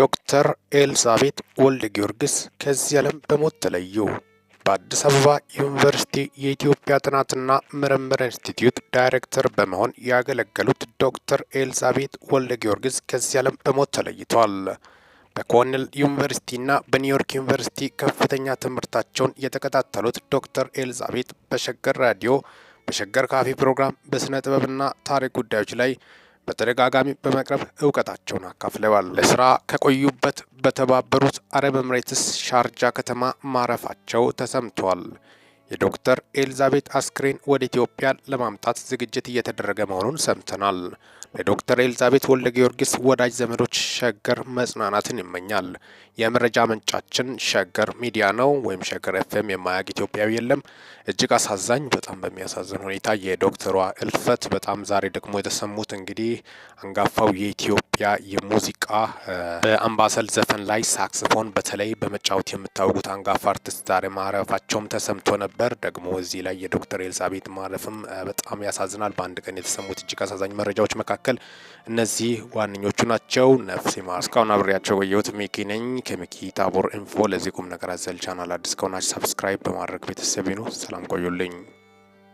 ዶክተር ኤልዛቤት ወልደ ጊዮርጊስ ከዚህ ዓለም በሞት ተለዩ። በአዲስ አበባ ዩኒቨርሲቲ የኢትዮጵያ ጥናትና ምርምር ኢንስቲትዩት ዳይሬክተር በመሆን ያገለገሉት ዶክተር ኤልዛቤት ወልደ ጊዮርጊስ ከዚህ ዓለም በሞት ተለይቷል። በኮርኔል ዩኒቨርሲቲና በኒውዮርክ ዩኒቨርሲቲ ከፍተኛ ትምህርታቸውን የተከታተሉት ዶክተር ኤልዛቤት በሸገር ራዲዮ በሸገር ካፌ ፕሮግራም በሥነ ጥበብና ታሪክ ጉዳዮች ላይ በተደጋጋሚ በመቅረብ እውቀታቸውን አካፍለዋል። ለስራ ከቆዩበት በተባበሩት አረብ ኤምሬትስ ሻርጃ ከተማ ማረፋቸው ተሰምቷል። የዶክተር ኤልዛቤት አስክሬን ወደ ኢትዮጵያ ለማምጣት ዝግጅት እየተደረገ መሆኑን ሰምተናል። ለዶክተር ኤልዛቤት ወልደ ጊዮርጊስ ወዳጅ ዘመዶች ሸገር መጽናናትን ይመኛል። የመረጃ ምንጫችን ሸገር ሚዲያ ነው፣ ወይም ሸገር ኤፍኤም የማያውቅ ኢትዮጵያዊ የለም። እጅግ አሳዛኝ፣ በጣም በሚያሳዝን ሁኔታ የዶክተሯ እልፈት በጣም ዛሬ ደግሞ የተሰሙት እንግዲህ አንጋፋው የኢትዮጵያ የሙዚቃ በአምባሰል ዘፈን ላይ ሳክስፎን በተለይ በመጫወት የምታወቁት አንጋፋ አርቲስት ዛሬ ማረፋቸውም ተሰምቶ ነበር። ነበር። ደግሞ እዚህ ላይ የዶክተር ኤልሳቤት ማለፍም በጣም ያሳዝናል። በአንድ ቀን የተሰሙት እጅግ አሳዛኝ መረጃዎች መካከል እነዚህ ዋነኞቹ ናቸው። ነፍሴ ማር እስካሁን አብሬያቸው ቆየሁት። ሚኪ ነኝ ከሚኪ ታቦር ኢንፎ። ለዚህ ቁም ነገር አዘል ቻናል አዲስ ከሆናችሁ ሰብስክራይብ በማድረግ ቤተሰብ ነው። ሰላም ቆዩልኝ።